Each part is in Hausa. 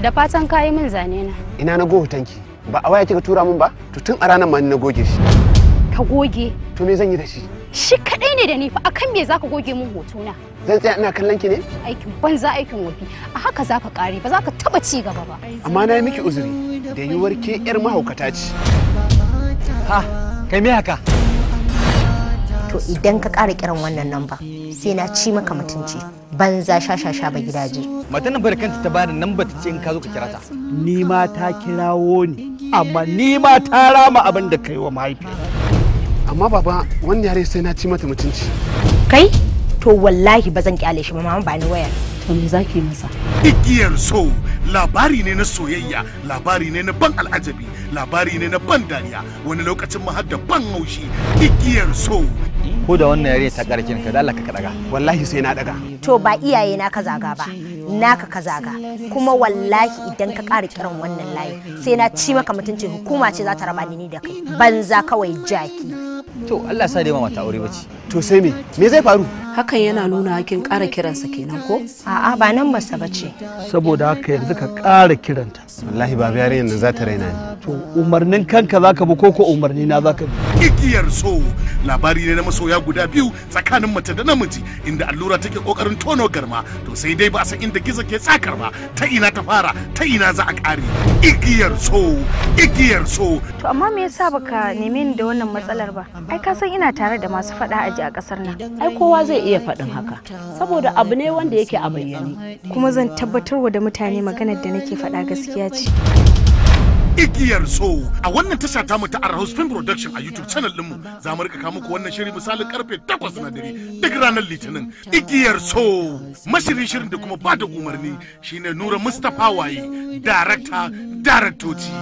Da fatan ka min zane na. Ina na goge tanki. Ba a waya kika tura min ba? To tun a ranar ma ni na goge shi. Ka goge? To me zan yi da shi? Shi kadai ne da ni fa akan me zaka goge min hoto na? Zan tsaya ina kallon ki ne? Aikin banza aikin wofi A haka zaka kare ba zaka taba ci gaba ba. Amma na yi miki uzuri da yiwuwar ke yar mahaukata ce. Ha, kai me haka? To idan ka ƙara kiran wannan namba sai na ci maka mutunci. banza shashasha ba gidaje. Matan nan kanta ta bada nan ta ce in ka zo ka kira ta. Ni ma ta kirawo ni, amma ni ma ta rama abin da kai wa mahaifi. Amma baba wannan yare sai na ci mata mutunci. Kai? to wallahi ba zan kyale shi ba mama ba ni waya to me zaki masa igiyar so labari ne na soyayya labari ne na ban al'ajabi labari ne na ban dariya wani lokacin ma har da ban haushi igiyar so ko da wannan yare ta karkin ka dalla ka daga wallahi sai na daga to ba iyaye na ka zaga ba naka ka zaga kuma wallahi idan ka ƙara kiran wannan layi sai na ci maka mutuncin hukuma ce za ta raba ni da kai banza kawai jaki to Allah sa dai mata aure bace to sai me me zai faru hakan yana nuna kin ƙara kiransa kenan ko a'a ba nan masa bace saboda haka yanzu ka ƙara kiranta wallahi ba biyar yanzu za ta raina ni to umarnin kanka zaka bi ko ko umarni na zaka bi igiyar so labari ne na masoya guda biyu tsakanin mace da namiji inda allura take kokarin tono garma to sai dai ba a san inda gizo ke tsakar ba ta ina ta fara ta ina za a ƙare igiyar so igiyar so to amma me yasa baka neme ni da wannan matsalar ba ai ka san ina tare da masu faɗa aji a kasar nan ai kowa zai iya faɗin haka saboda abu ne wanda yake a bayyane kuma zan tabbatar wa da mutane maganar da nake faɗa gaskiya ce igiyar so a wannan tasha ta mu ta Arhouse Film Production a YouTube channel ɗinmu za mu rika kawo muku wannan shiri misalin karfe 8 na dare duk ranar Litinin igiyar so mashirin shirin da kuma bada umarni shine Nura Mustapha Waye director daraktoci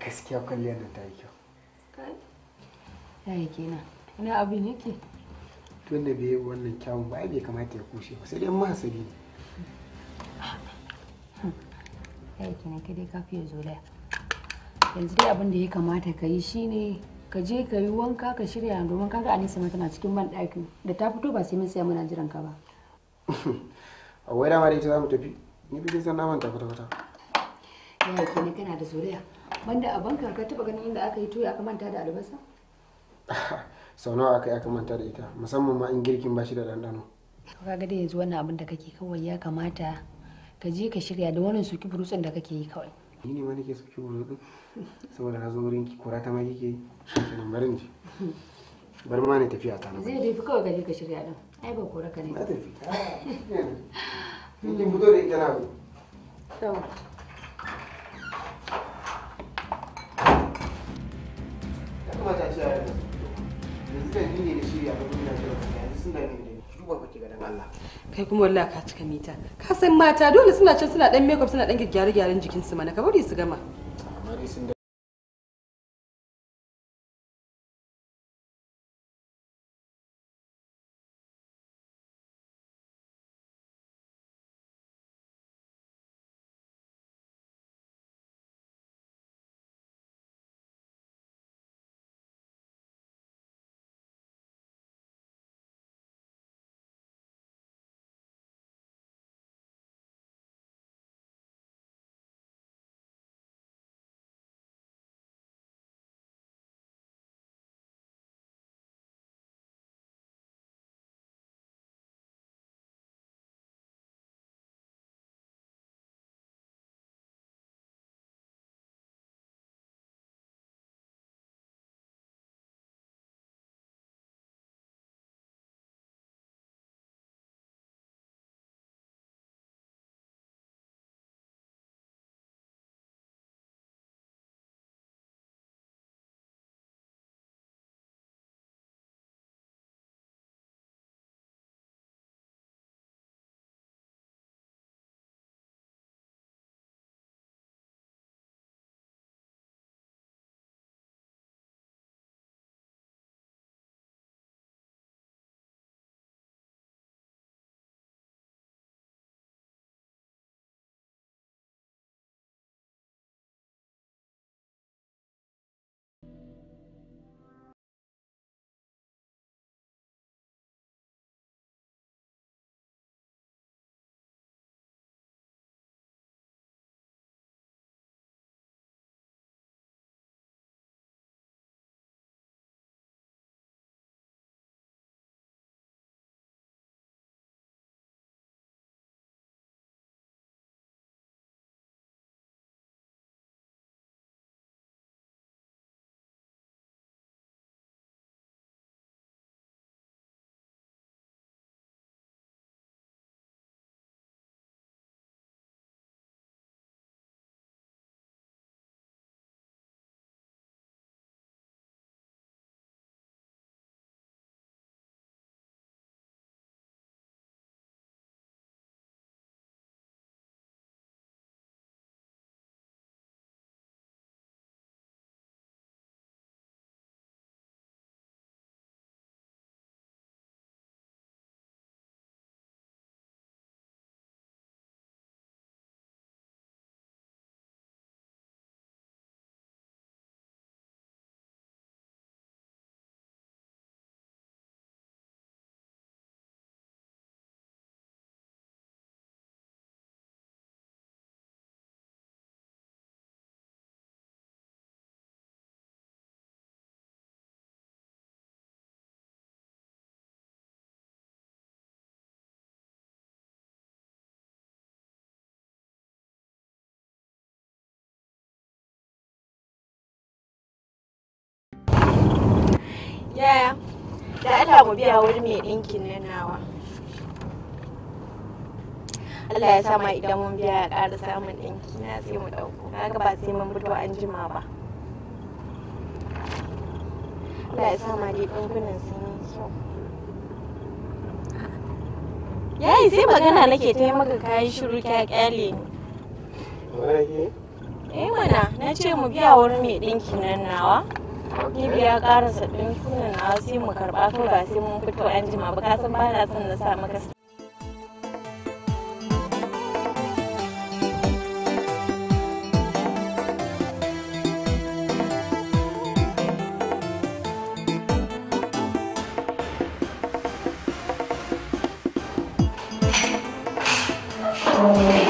gaskiya kwalliyar nan ta yi kyau yayi kenan ina abin yake tun da bai wannan kyawun ba ai bai kamata ya kushe ba sai dai ma hasali ne yi kenan kai dai ka fiye zolaya yanzu dai abin da ya kamata ka yi shine ka je ka yi wanka ka shirya domin kaga Alisa ma tana cikin ban ɗaki da ta fito ba sai mun tsaya muna jiran ka ba a wai dama da ita za mu tafi ni fi zan naman kwata kwata-kwata yi kenan kana da zuriya banda a banka ka taba ganin inda aka yi tuyo aka manta da albasa sau nawa aka yi aka manta da ita musamman ma in girkin ba shi da ɗanɗano ka ga da yanzu wannan abin da kake kawai ya kamata ka je ka shirya da wannan suki burutsun da kake yi kawai ni ne ma nake suki burutsun saboda na zo wurin kura ta ma kike shi kenan barin ji bar ma ne tafiya ta na zai tafi kawai ka je ka shirya din ai ba kura ka ne na tafi ne fito da ita na to kamata kai wallahi ka cika mita ka mata dole suna can suna dan makeup suna dan gyare-gyaren jikinsu mana ka bari su gama Yaya, da Allah mu biya wani mai ɗinkin na nawa. Allah ya sama idan mun biya ya ƙara samun ɗinki na sai mu ɗauko. Kaga ba sai mun fito an jima ba. Allah ya sama dai ɗinkunan sun yi kyau. Yayi sai magana nake ta maka kayan shiru kyale ne. Eh mana, na ce mu biya wani mai ɗinkin nan nawa. Gibi ya karasa ɗinkunan na sai mu karɓa ko ba sai mun fito an jima ba san ba na son na sa maka Thank oh. you.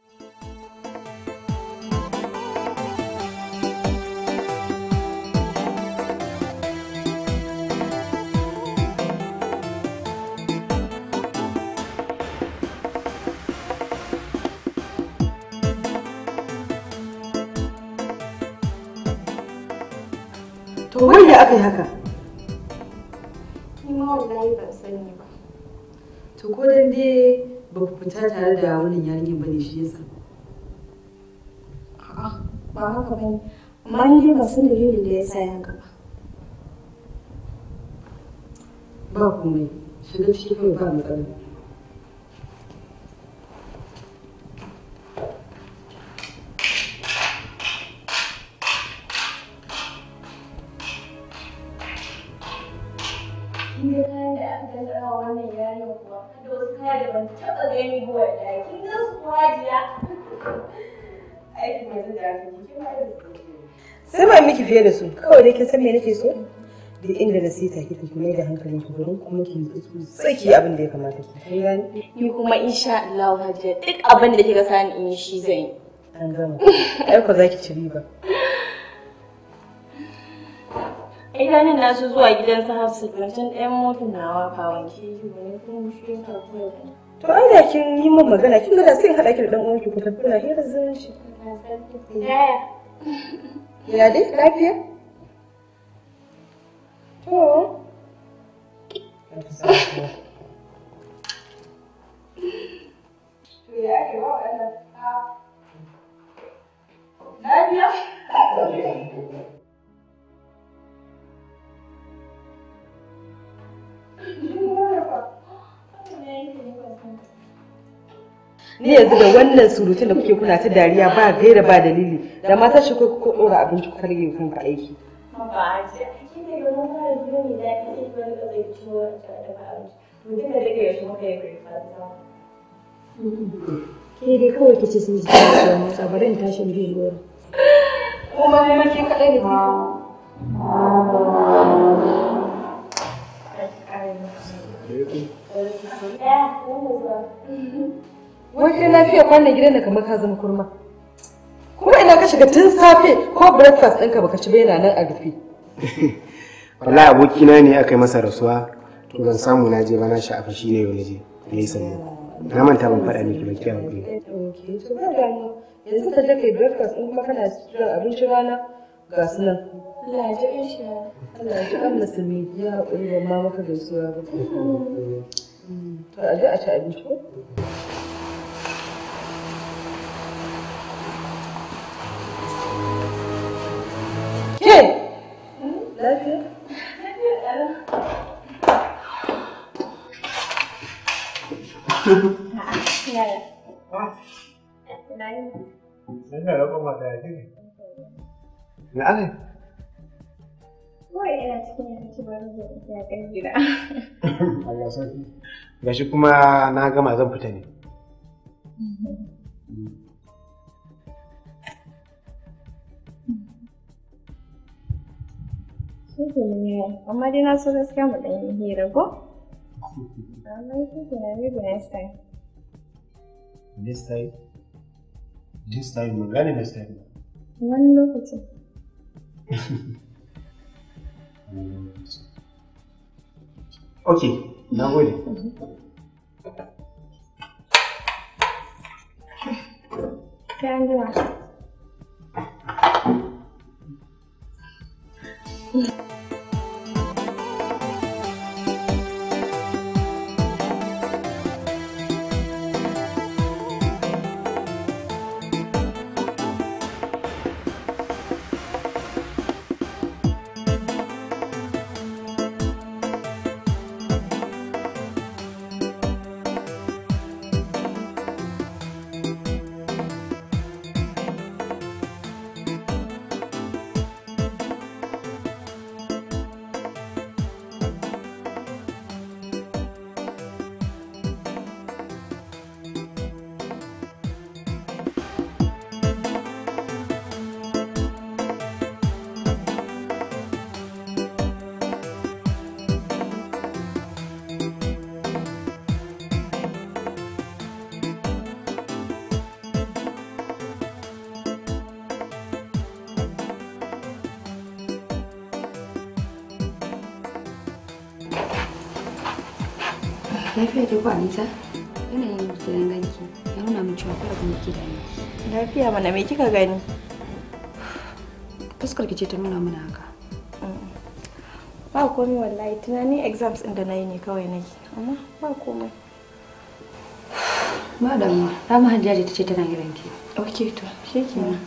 ta tare da wannan yarinyar bane shi ya sa. ba haka bane amma ni dai ba san dalilin da yasa ya gaba ba komai shiga cikin ba matsala kuwa wasu kaya da ban taɓa gani ba kin ga su kuwa jiya aikin yanzu da kin da su sai ba miki fiye da su kawai dai kin san me nake so duk inda na sita ki ki mai da hankali ki kuma ki tsaki abin da ya kamata ni kuma insha Allah hajiya duk abin da kika sani in yi shi zan yi an gama ai ko zaki ci riba ai ganin na zuwa gidan su hafsu tun ɗayan motin nawa ka wanke yi wani kuma shi ta koyar to an da kin yi min magana kin ga da sai haɗa ki da ɗan uwanki ku tafi na hira zumunci ya dai lafiya to ya ake ba waɗannan lafiya ah. Ni yanzu da wannan surutun da kuke kuna ta dariya ba gaira ba dalili da mata shi kai kuka dora abinci ku karge ku ka aiki. Ba a ce shi ne ga mun fara jiya ne da ake yi wani da zai ciwo a tsakanin abinci. Mun duka daga yaushe muka yi kai fata. Ke dai kawai kici sun ji ta ciwo mu sa bari in tashi bi gora. Kuma mai maki ne. Wai kai lafiya kwanan gidan da kamar ka zama kurma. Kuma ina ka shiga tun safe ko breakfast ɗinka baka ci ba yana nan a rufe. Wallahi abokina ne aka yi masa rasuwa to ban samu na je ba na sha'afa shi ne wani na je. Na yi sannan. Na manta ban faɗa miki ba kiyan kuɗi. Yanzu ka je breakfast ɗin kuma kana jiran abincin rana ga su nan. Allah ya ji shi. Allah ya ji Allah su mai ya haƙuri ba ma maka gaisuwa ba. To a je a ci abinci ko? Ke! Lafiya? Yaya. Ah. Na yi. Na yi da rakon mata ya ce ne. Na Kawai yana cikin yanci bari zai ya gida. Gashi kuma na gama zan fita ne. amma dai na so gaskiya mu ɗan yi hira ko? Amma shi ke na ribu next time. Next time? This time, mun gane next time. Wani lokacin. Ok, na gode. Kayan Thank you. Lafiya ke ku Anita? Yanayin gidan ganki ya nuna min cewa kula kuma ke da ni. Lafiya mana me kika gani? Fuskar ki ce ta nuna mana haka. Mm. Ba komai wallahi tunani exams din da nayi ne kawai nake amma ba komai. Madam, dama Hajjaji ta ce tana gidanki. Okay to, shekenan.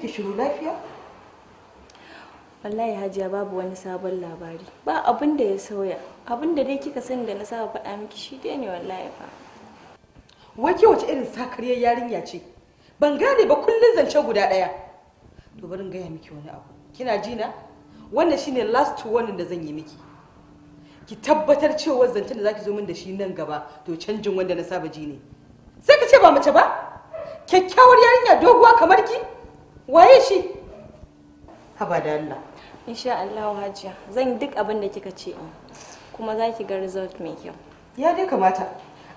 sai shiru lafiya wallahi hajiya babu wani sabon labari ba abin da ya sauya abin da dai kika sani da na saba faɗa miki shi dai ne wallahi fa wai wace irin sakariyar yarinya ce ban gane ba kullun zance guda ɗaya to bari in gaya miki wani abu kina ji na wannan shine last one da zan yi miki ki tabbatar cewa zancen da zaki zo min da shi nan gaba to canjin wanda na saba ji ne sai ka ce ba mace ba kyakkyawar yarinya doguwa kamar ki waye shi haba da Allah insha Allah hajiya zan duk abin da kika ce in kuma za ki ga result mai kyau ya dai kamata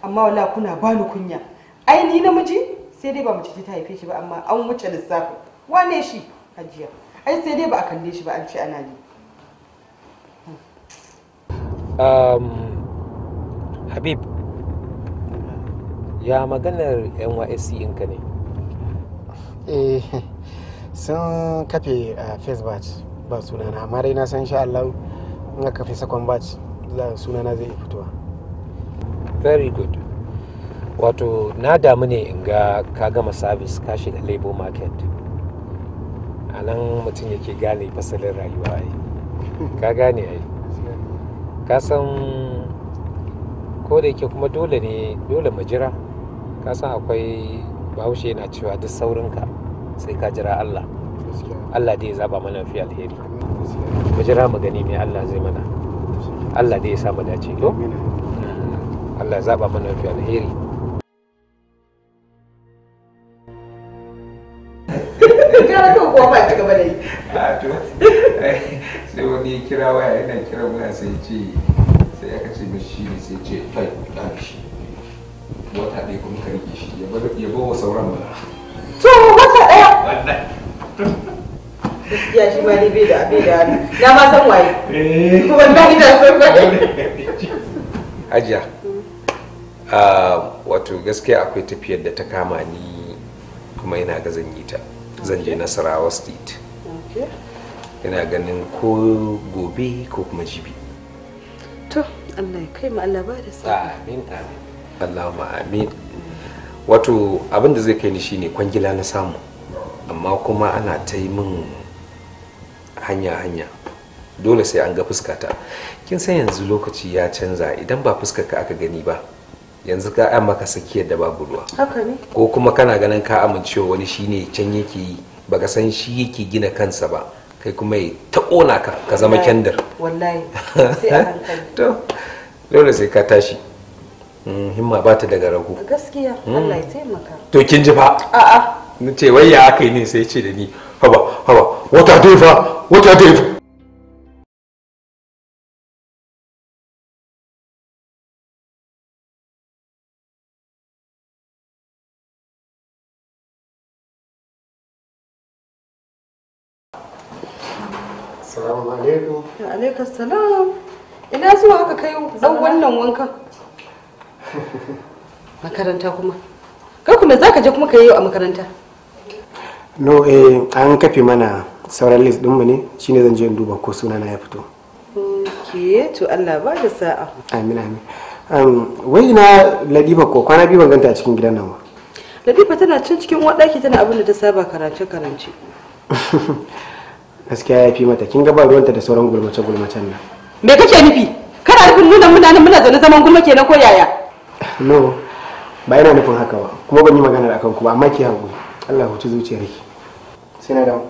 amma wala kuna bani kunya ai ni namiji sai dai ba mace ta haife shi ba amma an wuce lissafi. wane shi hajiya ai sai dai ba a kalle shi ba an ce ana ne um, habib ya maganar nysc inka ne eh sun kafe a first batch ba sunana amma dai na san Allah kafe second batch za sunana zai fitowa very good wato na damu ne in ga ka gama service ka shiga labor market a nan mutum yake gane fasalin rayuwa yi ka gane yi ka san ko da yake kuma dole ne dole mu jira ka san akwai bahaushe na cewa duk saurinka sai ka jira Allah Allah da ya zaba mana fi alheri mu jira mu gani me Allah zai mana Allah da ya sa mu dace to Allah ya zaba mana fi alheri gara kan kuwa ba ci yi a sai wani kira waya yana kira muna sai ce sai aka ce shi ne sai ce kai da shi wata ɗaya kuma karke shi ya bawa sauran ba gaskiya shi ma bai da da na ma san waye da eh. san waye ajiya wato gaskiya akwai tafiyar da ta kama ni kuma ina ga zan yi ta zan je nasarawa state ina ganin ko gobe ko kuma jibi to allah kai ma allah ba da sa amin amin amin wato abin da zai kai ni shine kwangila na samu amma kuma ana ta yi min hanya-hanya dole sai an ga fuskata kin san yanzu lokaci ya canza idan ba fuskar ka aka gani ba yanzu ka an maka sakiyar da babu ruwa ko kuma kana ganin ka amincewa wani shine can yake yi baka san shi yake gina kansa ba kai kuma ya ta ka ka zama kyandir dole sai ka tashi mm, himma ba ta daga ragu. gaskiya mm. Allah ya taimaka to kin ji fa a'a na ce wai ya aka yi ne sai ce da ni haba haba wata fa wata fa. Assalamu alaikum. Wa alaikum salam. Ina zuwa aka kai dan wannan wankan. Makaranta kuma. Kai kuma za ka je kuma ka yi a makaranta. no eh an kafe mana sauran list ɗinmu ne shine zan je in duba ko suna na ya fito ke to Allah ba da sa'a amin amin wai na ladiba ko kwana biyu ban ganta a cikin gidan nan ba ladiba tana can cikin wadaki tana abin da ta saba karance karance gaskiya ya fi mata kin gaba ruwanta da sauran gulmace gulmacen nan me kake nufi kana nufin nuna muna nan muna zaune zaman gulma kenan ko yaya no ba yana nufin haka ba kuma ban yi magana akan ku ba amma ki hankali Allah huci zuciyar ki sai na dawo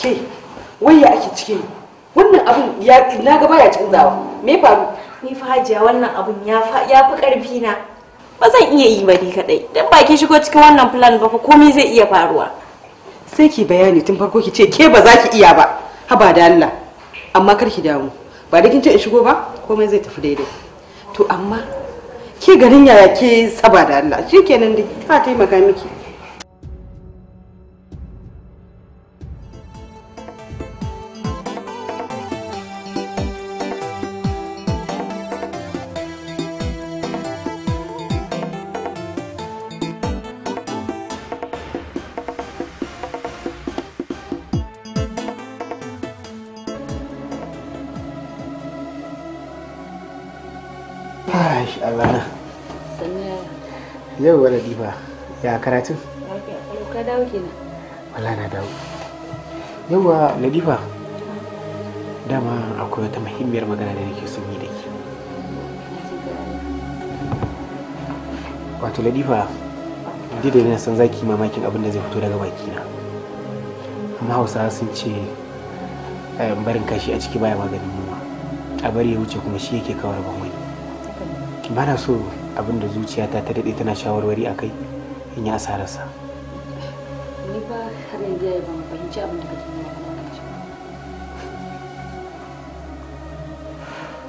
ke waya ake cikin wannan abin ya na ya cikin canzawa me faru ni fa hajiya wannan abun ya fi karfi na ba zan iya yi ba ni kadai dan ba ki shigo cikin wannan plan ba fa komai zai iya faruwa sai ki bayani tun farko ki ce ke ba za ki iya ba haba da Allah amma kar ki damu ba da kin ce in shigo ba komai zai tafi daidai to amma ke garin yaya ke saba da Allah shikenan da ka taimaka miki Ai, Allah Yau wala diba ya karatun? Ka dawo kenan. Wala na dawo. Yauwa akwai wata muhimmiyar magana da nake son yi da ke. Wato Ladifa da yana san zaki mamakin abin da zai fito daga bakina. Amma hausa sun ce eh, barin kashi a ciki baya maganin yunwa. A bari ya wuce kuma shi yake kawar ban ba na so abin da zuciyata ta daɗe tana shawarwari a kai in yi asararsa ni ba har yanzu ya yi ba fahimci abin da kake nuna yi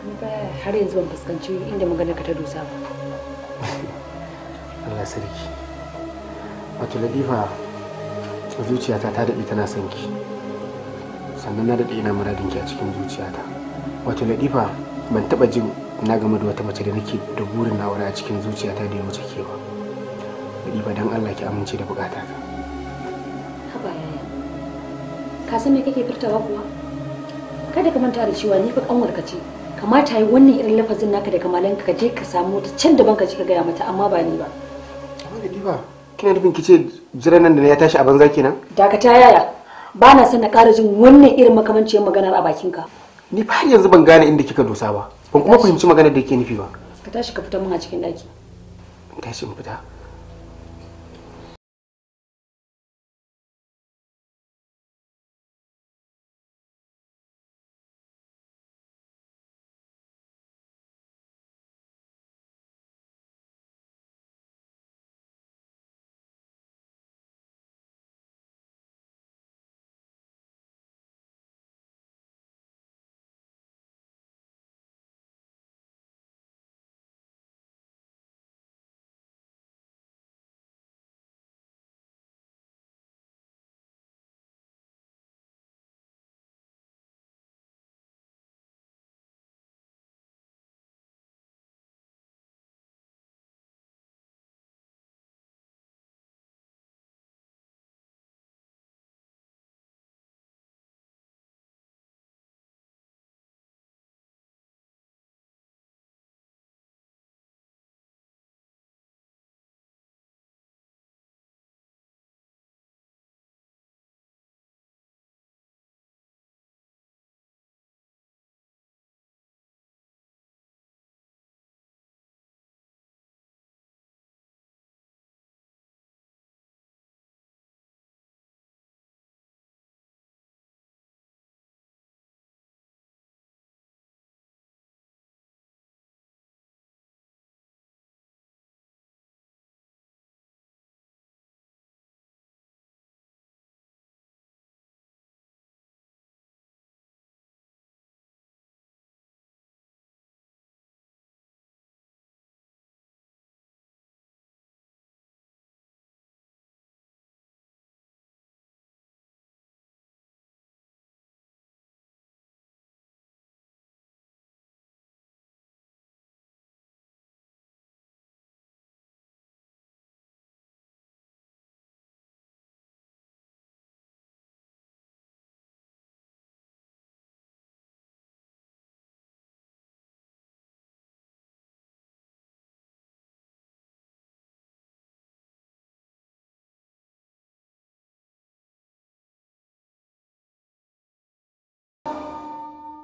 ni ba har yanzu ban fuskanci inda maganar ka ta dosa ba Allah sarki wato ladifa zuciyata ta daɗe tana son ki sannan na daɗe ina muradin ki a cikin zuciyata wato ladifa ban taba jin na game da wata mace da nake da burin na wani a cikin zuciyata da ya wuce kewa ba dan Allah ki amince da bukata ta ka san me kake furtawa kuwa kada ka manta da cewa ni fa kanwar ka ce kamata yi wannan irin lafazin naka da kamalan ka je ka samu ta can da ka je ka gaya mata amma ba ni ba amma da diba kina nufin ki ce jiran nan da ya tashi a banza kenan dakata yaya ba na son na kara jin wannan irin makamancin maganar a bakin ka ni fa yanzu ban gane inda kika dosa ba ban kuma fahimci magana da yake nufi ba ka tashi ka fita mun a cikin daki tashi in fita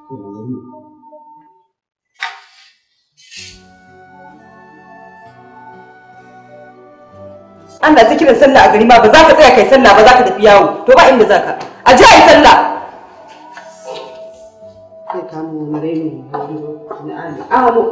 五年里。ana ta kiran sallah a gari ma ba za ka tsaya kai sallah ba za ka tafi yawo to ba inda za ka a ji a yi sallah zai kama wani raini na ahamo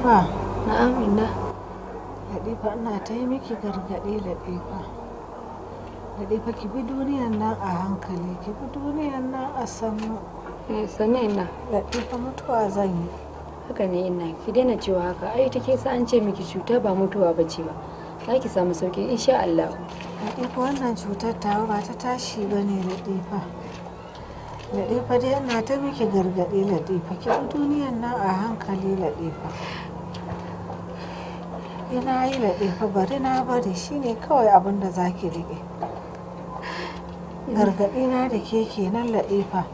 Latifa. Na'am inna. Latifa ina ta yi miki gargaɗi Latifa. Latifa ki bi duniyan nan a hankali, ki bi duniyan nan a sannu. Eh sannu inna. Latifa mutuwa zan yi. Haka ne ina. ki daina cewa haka. Ai ke sa an ce miki cuta ba mutuwa ba ce ba. Za ki samu sauki insha Allah. Latifa wannan cutar ta ba ta tashi ba ne Latifa. Latifa dai ina ta miki gargaɗi Latifa, ki bi duniyan nan a hankali Latifa. ina eh, yi laɓe fa bari na bari shi ne kawai abin da za ki riƙe gargaɗi da ke kenan laɓe fa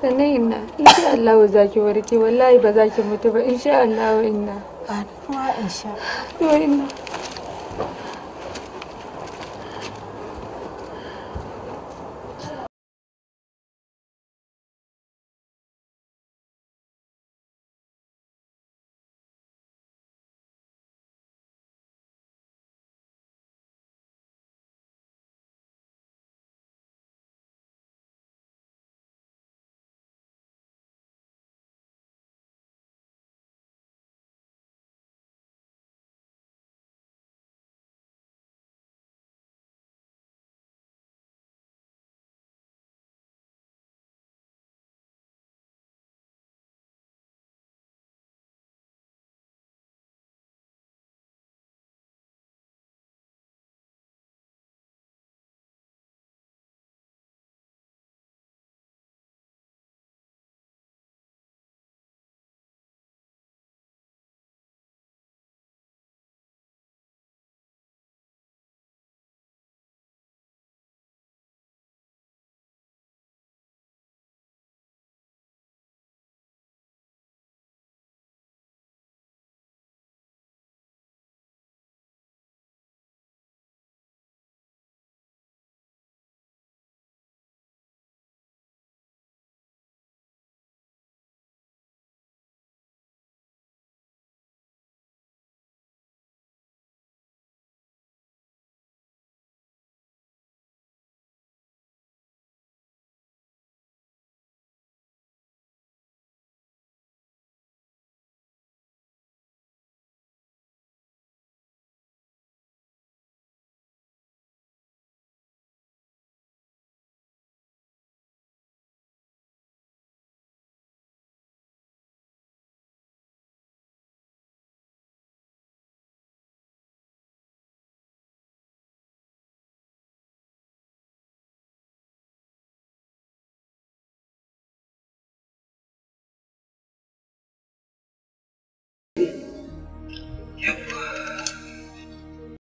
sannan in insha Allah za ki warke wallahi ba za ki mutu ba insha Allah ina ba ma insha